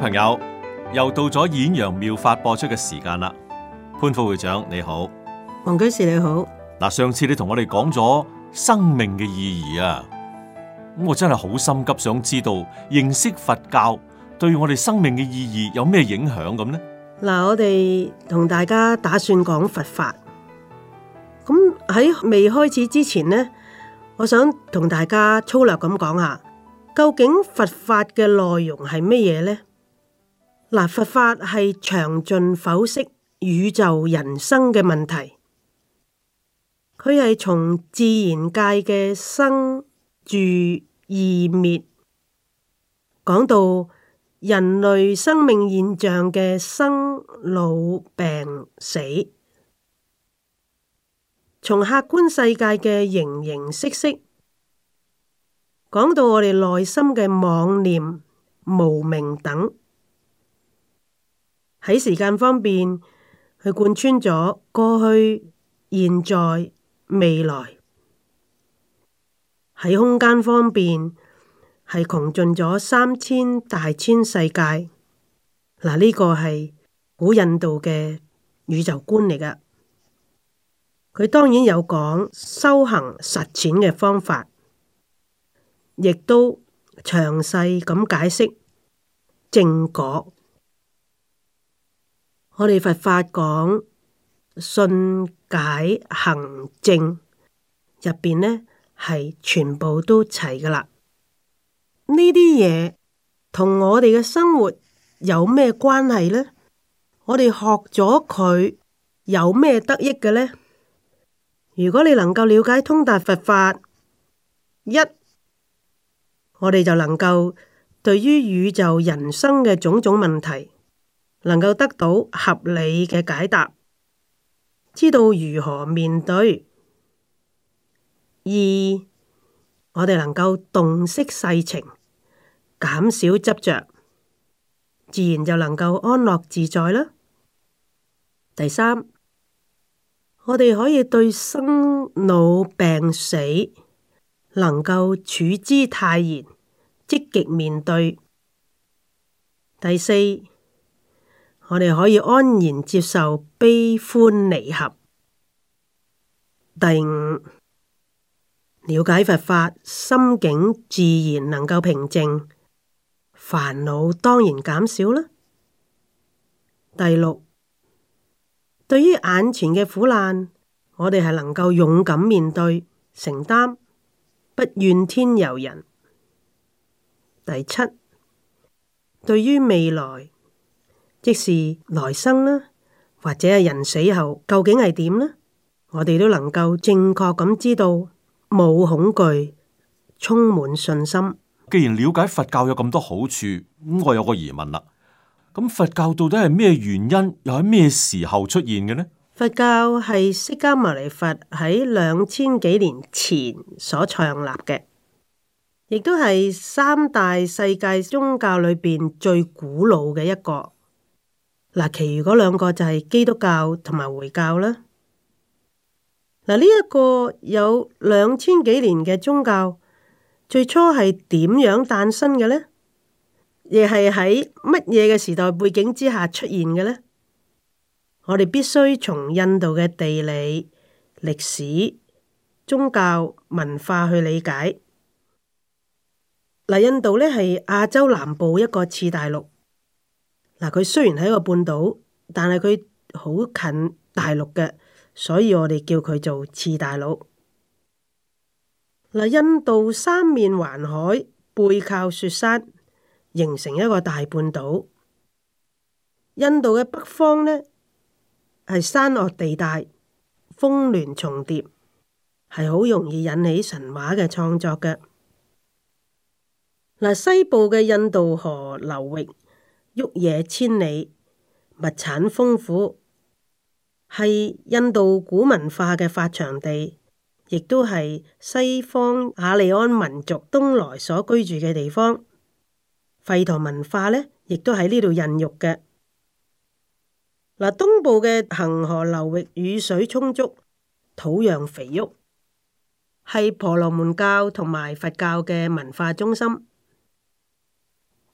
各位朋友又到咗衍陽妙法播出嘅時間啦，潘副會長你好，王居士你好。嗱，上次你同我哋講咗生命嘅意義啊，咁我真係好心急，想知道認識佛教對我哋生命嘅意義有咩影響咁呢？嗱，我哋同大家打算講佛法，咁喺未開始之前呢，我想同大家粗略咁講下，究竟佛法嘅內容係乜嘢呢？嗱，佛法係詳盡剖析宇宙人生嘅問題，佢係從自然界嘅生住異滅講到人類生命現象嘅生老病死，從客觀世界嘅形形色色講到我哋內心嘅妄念無明等。喺時間方面，佢貫穿咗過去、現在、未來；喺空間方面，係窮盡咗三千大千世界。嗱，呢個係古印度嘅宇宙觀嚟噶。佢當然有講修行實踐嘅方法，亦都詳細咁解釋正果。我哋佛法講信解行證入邊呢，係全部都齊噶啦。呢啲嘢同我哋嘅生活有咩關係呢？我哋學咗佢有咩得益嘅呢？如果你能夠了解通達佛法，一我哋就能夠對於宇宙人生嘅種種問題。能夠得到合理嘅解答，知道如何面對；二，我哋能夠洞悉世情，減少執着，自然就能夠安樂自在啦。第三，我哋可以對生老病死能夠處之泰然，積極面對。第四。我哋可以安然接受悲歡離合。第五，了解佛法，心境自然能夠平靜，煩惱當然減少啦。第六，對於眼前嘅苦難，我哋係能夠勇敢面對、承擔，不怨天尤人。第七，對於未來。即是來生啦，或者係人死後究竟係點呢？我哋都能夠正確咁知道，冇恐懼，充滿信心。既然了解佛教有咁多好處，咁我有個疑問啦。咁佛教到底係咩原因，又喺咩時候出現嘅呢？佛教係釋迦牟尼佛喺兩千幾年前所創立嘅，亦都係三大世界宗教裏邊最古老嘅一個。嗱，其餘嗰兩個就係基督教同埋回教啦。嗱，呢一個有兩千幾年嘅宗教，最初係點樣誕生嘅呢？亦係喺乜嘢嘅時代背景之下出現嘅呢？我哋必須從印度嘅地理、歷史、宗教、文化去理解。嗱，印度呢，係亞洲南部一個次大陸。嗱，佢雖然係一個半島，但係佢好近大陸嘅，所以我哋叫佢做次大陸。嗱、嗯，印度三面環海，背靠雪山，形成一個大半島。印度嘅北方呢，係山岳地帶，峰巒重疊，係好容易引起神話嘅創作嘅。嗱、嗯，西部嘅印度河流域，沃野千里，物產豐富，係印度古文化嘅發祥地，亦都係西方雅利安民族東來所居住嘅地方。吠陀文化呢，亦都喺呢度孕育嘅。嗱，東部嘅恒河流域雨水充足，土壤肥沃，係婆羅門教同埋佛教嘅文化中心。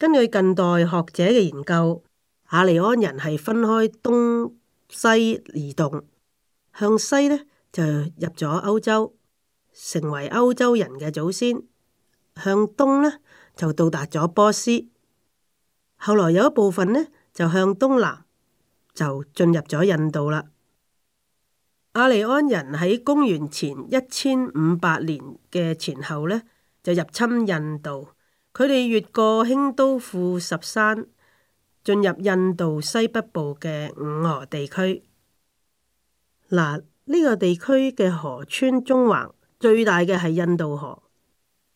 根據近代學者嘅研究，雅利安人係分開東西移動，向西呢，就入咗歐洲，成為歐洲人嘅祖先；向東呢，就到達咗波斯，後來有一部分呢，就向東南就進入咗印度啦。雅利安人喺公元前一千五百年嘅前後呢，就入侵印度。佢哋越過興都庫什山，進入印度西北部嘅五河地區。嗱，呢個地區嘅河川縱橫，最大嘅係印度河，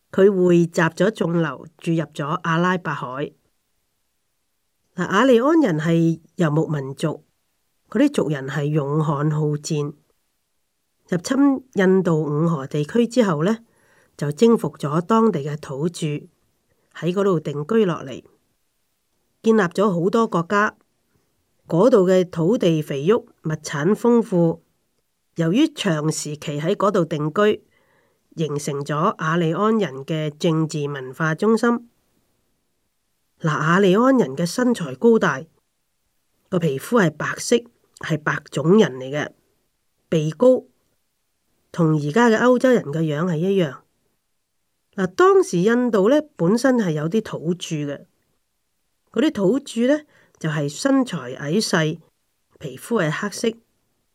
佢匯集咗眾流，注入咗阿拉伯海。嗱，亞利安人係游牧民族，嗰啲族人係勇悍好戰。入侵印度五河地區之後咧，就征服咗當地嘅土著。喺嗰度定居落嚟，建立咗好多國家。嗰度嘅土地肥沃，物產豐富。由於長時期喺嗰度定居，形成咗亞利安人嘅政治文化中心。嗱，亞利安人嘅身材高大，個皮膚係白色，係白種人嚟嘅，鼻高，同而家嘅歐洲人嘅樣係一樣。嗱，當時印度咧本身係有啲土著嘅，嗰啲土著咧就係身材矮細，皮膚係黑色，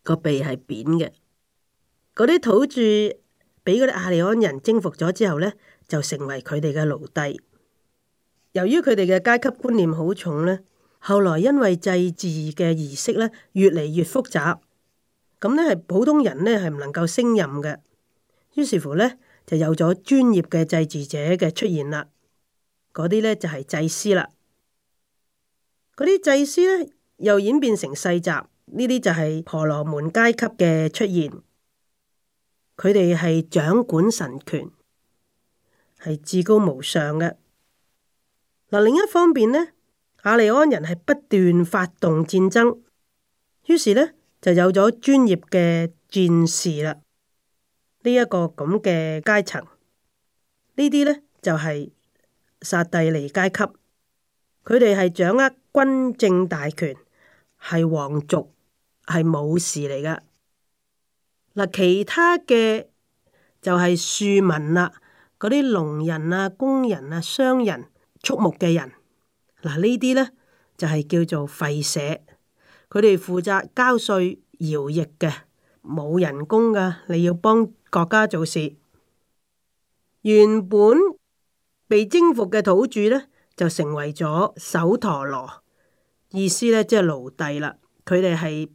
個鼻係扁嘅。嗰啲土著俾嗰啲亞利安人征服咗之後咧，就成為佢哋嘅奴隸。由於佢哋嘅階級觀念好重咧，後來因為祭祀嘅儀式咧越嚟越複雜，咁咧係普通人咧係唔能夠升任嘅，於是乎咧。就有咗專業嘅祭祀者嘅出現啦，嗰啲呢就係、是、祭司啦，嗰啲祭司呢又演變成世襲，呢啲就係婆羅門階級嘅出現，佢哋係掌管神權，係至高無上嘅。嗱，另一方面呢，亞利安人係不斷發動戰爭，於是呢就有咗專業嘅戰士啦。呢一個咁嘅階層，呢啲呢就係剎帝利階級，佢哋係掌握軍政大權，係皇族，係武士嚟噶。嗱，其他嘅就係庶民啦，嗰啲農人啊、工人啊、商人、畜牧嘅人，嗱呢啲呢就係、是、叫做吠舍，佢哋負責交稅、徭役嘅，冇人工噶，你要幫。國家做事，原本被征服嘅土著呢，就成為咗首陀羅，意思呢，即係奴隸啦。佢哋係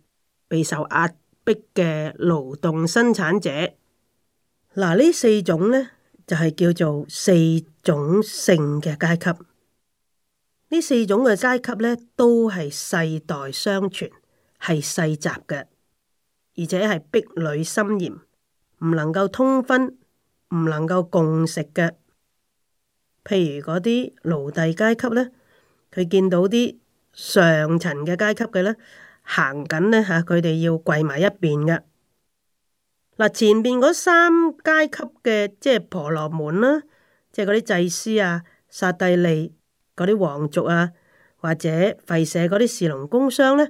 備受壓迫嘅勞動生產者。嗱，呢四種呢，就係叫做四種性嘅階級。呢四種嘅階級呢，都係世代相傳，係世襲嘅，而且係壁壘森嚴。唔能夠通婚，唔能夠共食嘅，譬如嗰啲奴隸階級呢，佢見到啲上層嘅階級嘅呢，行緊呢，嚇，佢哋要跪埋一邊嘅。嗱、啊，前面嗰三階級嘅，即係婆羅門啦、啊，即係嗰啲祭司啊、剎帝利嗰啲皇族啊，或者吠舍嗰啲士農工商呢，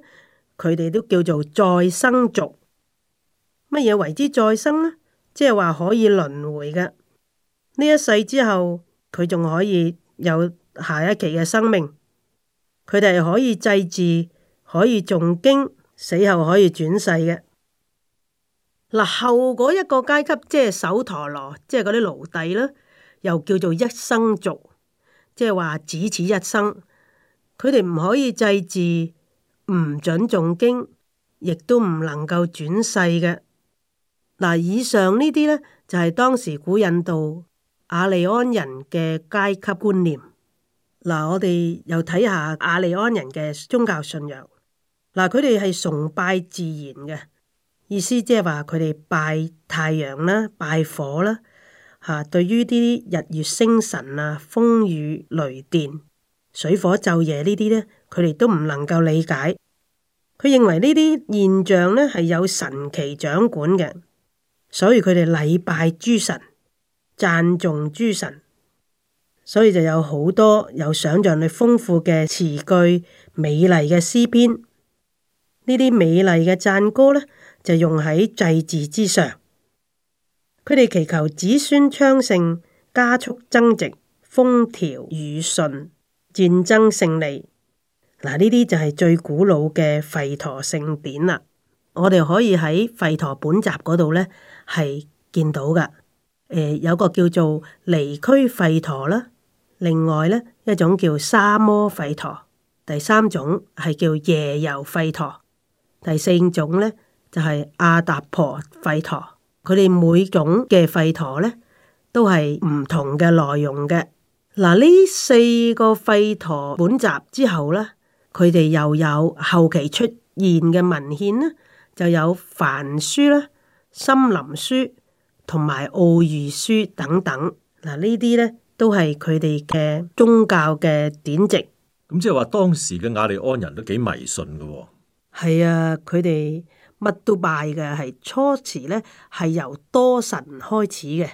佢哋都叫做再生族。乜嘢為之再生呢？即係話可以輪迴嘅呢一世之後，佢仲可以有下一期嘅生命。佢哋可以祭祀，可以誦經，死後可以轉世嘅。嗱，後嗰一個階級即係首陀羅，即係嗰啲奴隸啦，又叫做一生族，即係話只此一生。佢哋唔可以祭祀，唔准誦經，亦都唔能夠轉世嘅。嗱，以上呢啲呢，就係當時古印度雅利安人嘅階級觀念。嗱，我哋又睇下雅利安人嘅宗教信仰。嗱，佢哋係崇拜自然嘅，意思即係話佢哋拜太陽啦、拜火啦。吓，對於啲日月星辰啊、風雨雷電、水火晝夜呢啲呢，佢哋都唔能夠理解。佢認為呢啲現象呢，係有神祇掌管嘅。所以佢哋禮拜諸神，讚頌諸神，所以就有好多有想象力豐富嘅詞句，美麗嘅詩篇。呢啲美麗嘅讚歌呢，就用喺祭祀之上。佢哋祈求子孫昌盛，加速增值，風調雨順，戰爭勝利。嗱，呢啲就係最古老嘅吠陀聖典啦。我哋可以喺吠陀本集嗰度呢，係見到嘅，誒、呃、有個叫做梨俱吠陀啦，另外呢，一種叫沙摩吠陀，第三種係叫夜柔吠陀，第四種呢，就係、是、阿達婆吠陀。佢哋每種嘅吠陀呢，都係唔同嘅內容嘅。嗱，呢四個吠陀本集之後呢，佢哋又有後期出現嘅文獻呢，就有梵書啦。《森林書》同埋《奧義書》等等，嗱，呢啲呢都係佢哋嘅宗教嘅典籍。咁即係話，當時嘅雅利安人都幾迷信㗎。係啊，佢哋乜都拜嘅，係初時呢係由多神開始嘅，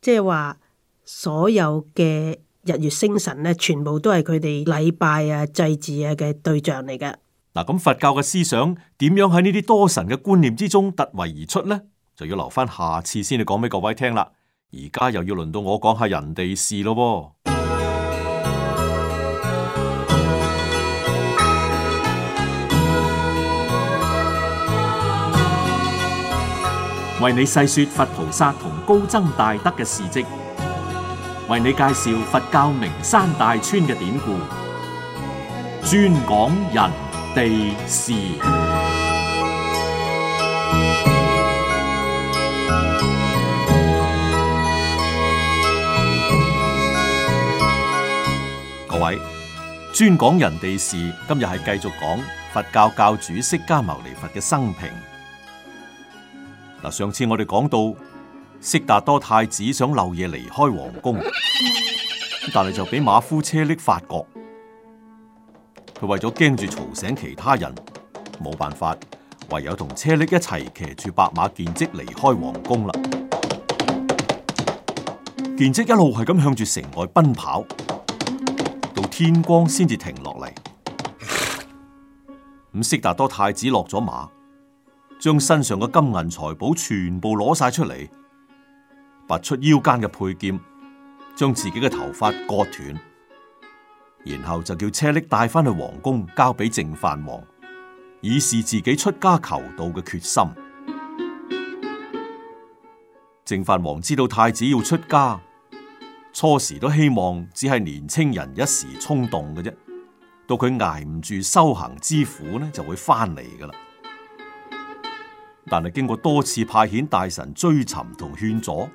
即係話所有嘅日月星辰呢，全部都係佢哋禮拜啊、祭祀啊嘅對象嚟嘅。咁佛教嘅思想點樣喺呢啲多神嘅觀念之中突圍而出呢？就要留翻下次先去講俾各位聽啦。而家又要輪到我講下人哋事咯喎。為你細說佛菩薩同高僧大德嘅事跡，為你介紹佛教名山大川嘅典故，專講人。地事，各位，專講人哋事。今日係繼續講佛教教主釋迦牟尼佛嘅生平。嗱，上次我哋講到，悉達多太子想漏夜離開皇宮，但係就俾馬夫車匿發覺。佢為咗驚住嘈醒其他人，冇辦法，唯有同車力一齊騎住白馬，建積離開皇宮啦。建積一路係咁向住城外奔跑，到天光先至停落嚟。咁悉達多太子落咗馬，將身上嘅金銀財寶全部攞晒出嚟，拔出腰間嘅佩劍，將自己嘅頭髮割斷。然後就叫車匿帶翻去皇宮，交俾淨飯王，以示自己出家求道嘅決心。淨飯王知道太子要出家，初時都希望只係年青人一時衝動嘅啫，到佢挨唔住修行之苦呢，就會翻嚟噶啦。但係經過多次派遣大臣追尋同勸阻，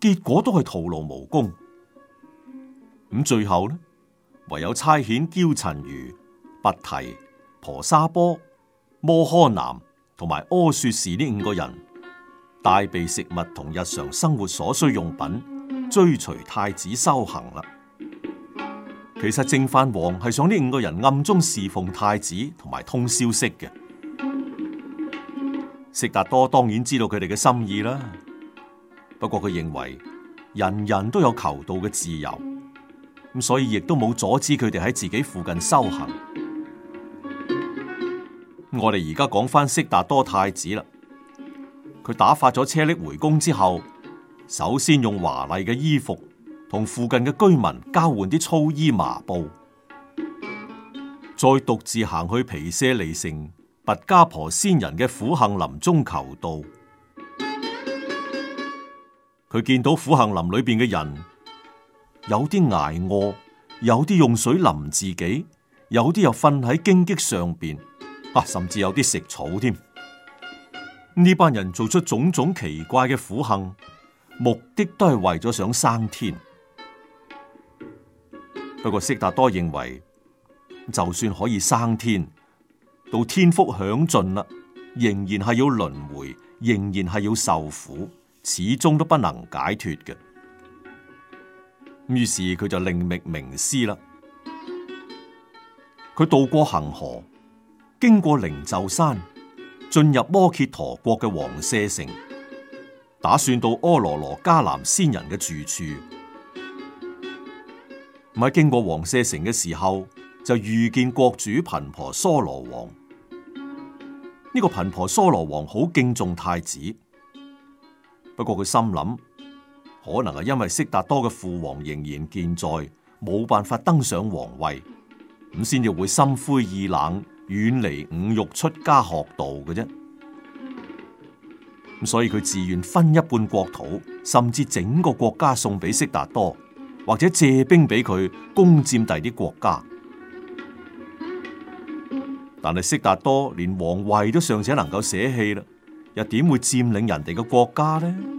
結果都係徒勞無功。咁最後呢？唯有差遣憍陳如、拔提婆沙波、摩訶南同埋阿說示呢五個人帶備食物同日常生活所需用品，追隨太子修行啦。其實淨飯王係想呢五個人暗中侍奉太子同埋通消息嘅。悉達多當然知道佢哋嘅心意啦，不過佢認為人人都有求道嘅自由。咁所以亦都冇阻止佢哋喺自己附近修行。我哋而家講翻悉達多太子啦，佢打發咗車匿回宮之後，首先用華麗嘅衣服同附近嘅居民交換啲粗衣麻布，再獨自行去毗舍離城，跋伽婆仙人嘅苦行林中求道。佢見到苦行林裏邊嘅人。有啲挨餓，有啲用水淋自己，有啲又瞓喺荊棘上邊，啊，甚至有啲食草添。呢班人做出種種奇怪嘅苦行，目的都係為咗想生天。不過，悉達多認為，就算可以生天，到天福享盡啦，仍然係要輪回，仍然係要受苦，始終都不能解脫嘅。於是佢就另覓名師啦。佢渡過恆河，經過靈鷲山，進入摩羯陀國嘅王舍城，打算到阿羅羅迦南仙人嘅住處。唔係經過王舍城嘅時候，就遇見國主頻婆娑羅王。呢、這個頻婆娑羅王好敬重太子，不過佢心諗。可能係因為悉達多嘅父王仍然健在，冇辦法登上皇位，咁先至會心灰意冷，遠離五欲，出家學道嘅啫。咁所以佢自願分一半國土，甚至整個國家送俾悉達多，或者借兵俾佢攻佔第啲國家。但係悉達多連皇位都尚且能夠捨棄啦，又點會佔領人哋嘅國家呢？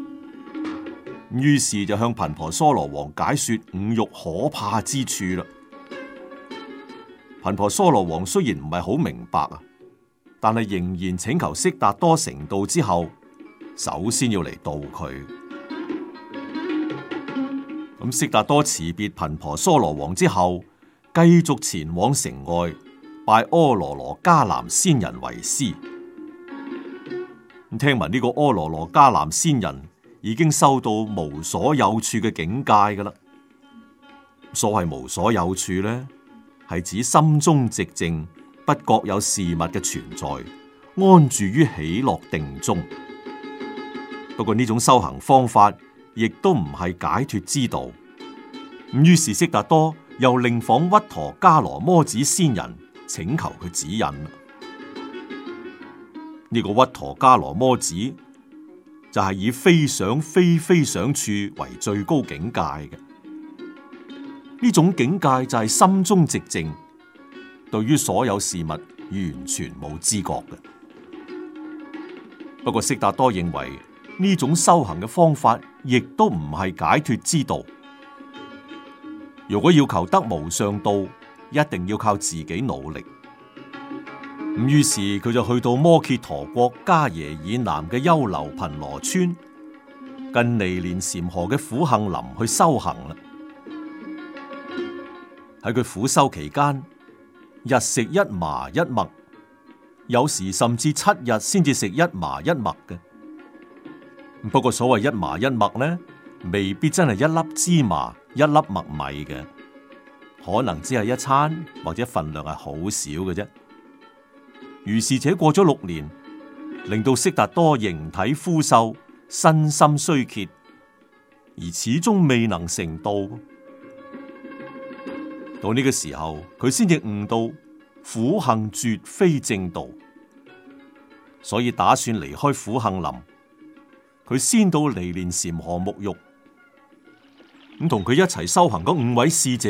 於是就向頻婆娑羅王解說五欲可怕之處啦。頻婆娑羅王雖然唔係好明白啊，但係仍然請求悉達多成道之後，首先要嚟度佢。咁悉達多辭別頻婆娑羅王之後，繼續前往城外拜阿羅羅迦南仙人為師。咁聽聞呢個阿羅羅迦南仙人。已經修到無所有處嘅境界噶啦，所謂無所有處呢，係指心中寂靜，不覺有事物嘅存在，安住於喜樂定中。不過呢種修行方法，亦都唔係解脫之道。於是悉達多，多又另訪屈陀伽羅摩子仙人，請求佢指引。呢、這個屈陀伽羅摩子。就係以非想非非想處為最高境界嘅，呢種境界就係心中寂靜，對於所有事物完全冇知覺嘅。不過悉達多認為，呢種修行嘅方法，亦都唔係解脫之道。如果要求得無上道，一定要靠自己努力。咁於是佢就去到摩羯陀國伽耶以南嘅優樓頻羅村，近尼連禪河嘅苦行林去修行啦。喺佢苦修期間，日食一麻一麥，有時甚至七日先至食一麻一麥嘅。不過所謂一麻一麥呢，未必真係一粒芝麻一粒麥米嘅，可能只係一餐或者份量係好少嘅啫。如是者過咗六年，令到悉達多形體枯瘦，身心衰竭，而始終未能成道。到呢個時候，佢先至悟到苦行絕非正道，所以打算離開苦行林。佢先到尼連禪河沐浴，咁同佢一齊修行嗰五位侍者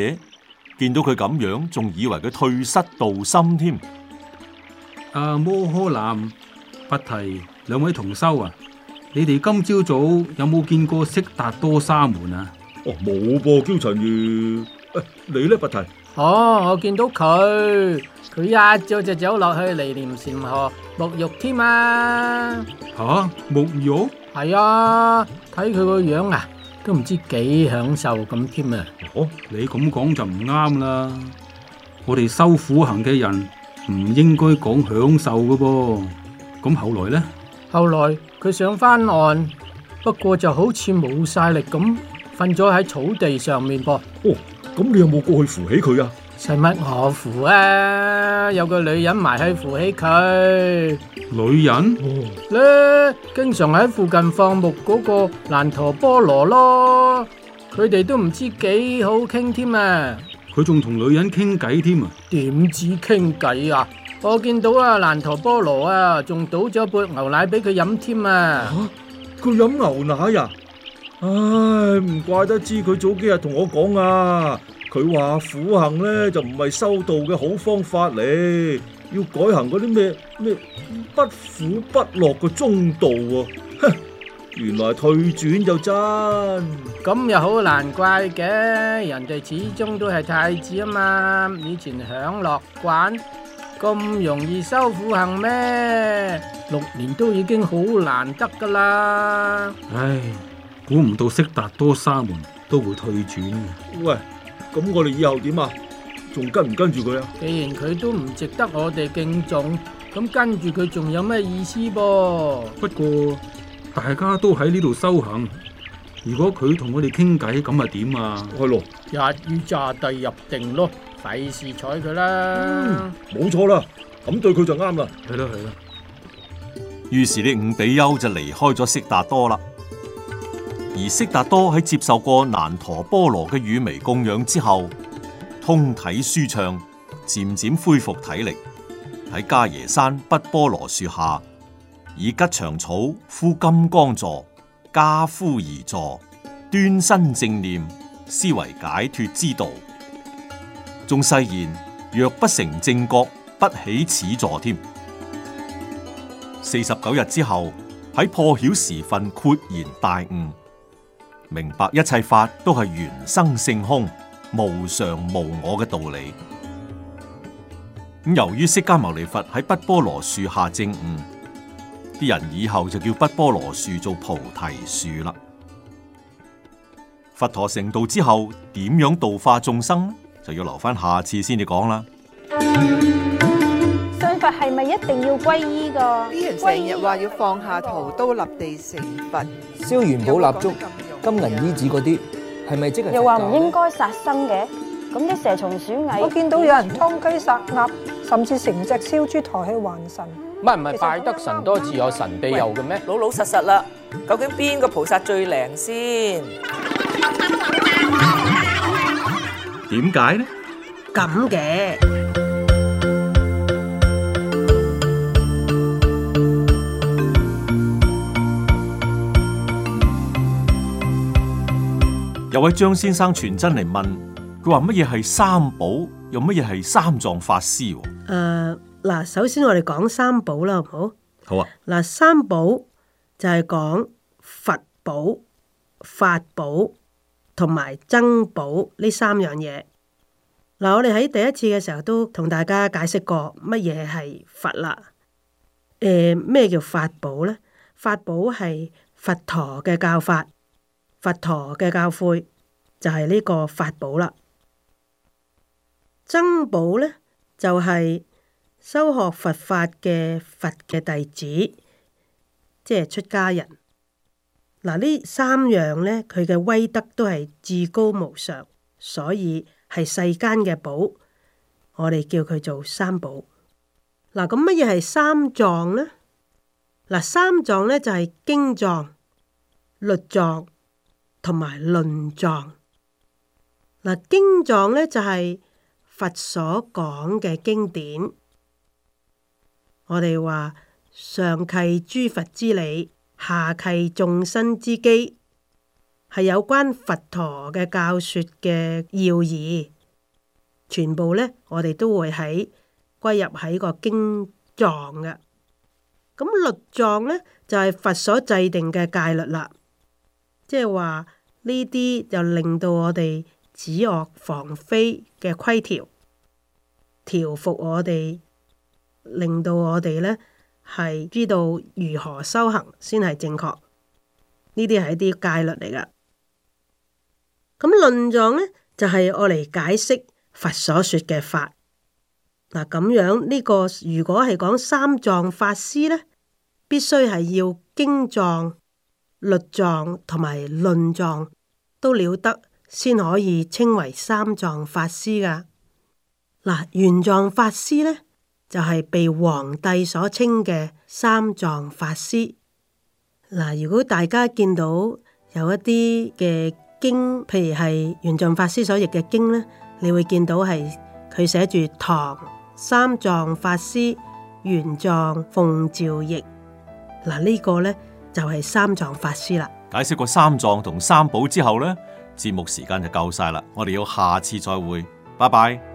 見到佢咁樣，仲以為佢退失道心添。啊，摩訶男，佛提，兩位同修啊，你哋今朝早有冇見過悉達多沙門啊？哦，冇噃，憍陳如。誒，你咧，佛提？哦，我見到佢，佢一早就走落去尼蓮禪河沐浴添啊。吓，沐浴？係啊，睇佢個樣啊，都唔知幾享受咁添啊。哦，你咁講就唔啱啦，我哋修苦行嘅人。唔應該講享受嘅噃，咁後來咧？後來佢想翻岸，不過就好似冇晒力咁，瞓咗喺草地上面噃。哦，咁你有冇過去扶起佢啊？使乜我扶啊？有個女人埋去扶起佢。女人？呢經常喺附近放牧嗰個難陀波羅咯，佢哋都唔知幾好傾添啊！佢仲同女人傾偈添啊？點知傾偈啊？我見到啊，難陀波羅啊，仲倒咗一杯牛奶俾佢飲添啊！吓，佢飲牛奶啊？唉，唔怪得知佢早幾日同我講啊，佢話苦行咧就唔係修道嘅好方法嚟，要改行嗰啲咩咩不苦不樂嘅中道啊。原來退轉就真，咁又好難怪嘅，人哋始終都係太子啊嘛，以前享樂慣，咁容易受苦行咩？六年都已經好難得噶啦，唉，估唔到悉達多沙門都會退轉。喂，咁我哋以後點啊？仲跟唔跟住佢啊？既然佢都唔值得我哋敬重，咁跟住佢仲有咩意思噃？不過。大家都喺呢度修行，如果佢同我哋傾偈，咁啊點啊？阿羅，一於炸地入定咯，費事睬佢啦。嗯，冇錯啦，咁對佢就啱啦。係咯，係咯。於是呢，是五比丘就離開咗悉達多啦。而悉達多喺接受過難陀波羅嘅乳糜供養之後，通體舒暢，漸漸恢復體力，喺迦耶山畢波羅樹下。以吉祥草敷金剛座，加夫而坐，端身正念，思維解脱之道。仲誓言若不成正覺，不起此座添。四十九日之後，喺破曉時分豁然大悟，明白一切法都係緣生性空、無常無我嘅道理。咁由於釋迦牟尼佛喺畢波羅樹下正悟。啲人以後就叫不菠蘿樹做菩提樹啦。佛陀成道之後，點樣度化眾生，就要留翻下，下次先至講啦。信佛係咪一定要皈依噶？啲人成日話要放下屠刀，立地成佛，燒元寶蠟燭、金銀衣紙嗰啲，係咪、啊、即係？又話唔應該殺生嘅，咁啲蛇蟲鼠蟻，我見到有人劏雞殺鴨，甚至成隻燒豬抬去還神。唔唔係，拜得神多自有神庇佑嘅咩？老老實實啦，究竟邊個菩薩最靈先？點解呢？咁嘅。有位張先生傳真嚟，問，佢話乜嘢係三寶？又乜嘢係三藏法師？誒、uh。嗱，首先我哋講三寶啦，好唔好？好啊。嗱，三寶就係講佛寶、法寶同埋僧寶呢三樣嘢。嗱，我哋喺第一次嘅時候都同大家解釋過乜嘢係佛啦。誒，咩叫法寶呢？法寶係佛陀嘅教法，佛陀嘅教誨就係呢個法寶啦。僧寶呢，就係。修學佛法嘅佛嘅弟子，即係出家人。嗱，呢三樣咧，佢嘅威德都係至高無上，所以係世間嘅寶。我哋叫佢做三寶。嗱，咁乜嘢係三藏呢？嗱，三藏咧就係經藏、律藏同埋論藏。嗱，經藏咧就係佛所講嘅經典。我哋話上契諸佛之理，下契眾生之機，係有關佛陀嘅教說嘅要義。全部呢，我哋都會喺歸入喺個經藏嘅。咁律藏呢，就係、是、佛所制定嘅戒律啦。即係話呢啲就令到我哋止惡防非嘅規條，調伏我哋。令到我哋呢係知道如何修行先係正確，呢啲係一啲戒律嚟噶。咁論藏呢，就係我嚟解釋佛所說嘅法。嗱，咁樣呢個如果係講三藏法師呢，必須係要經藏、律藏同埋論藏都了得，先可以稱為三藏法師噶。嗱，原藏法師呢。就係被皇帝所稱嘅三藏法師。嗱，如果大家見到有一啲嘅經，譬如係玄奘法師所譯嘅經呢，你會見到係佢寫住唐三藏法師玄奘奉詔譯。嗱，呢個呢，就係三藏法師啦。解釋過三藏同三寶之後呢，節目時間就夠晒啦。我哋要下次再會，拜拜。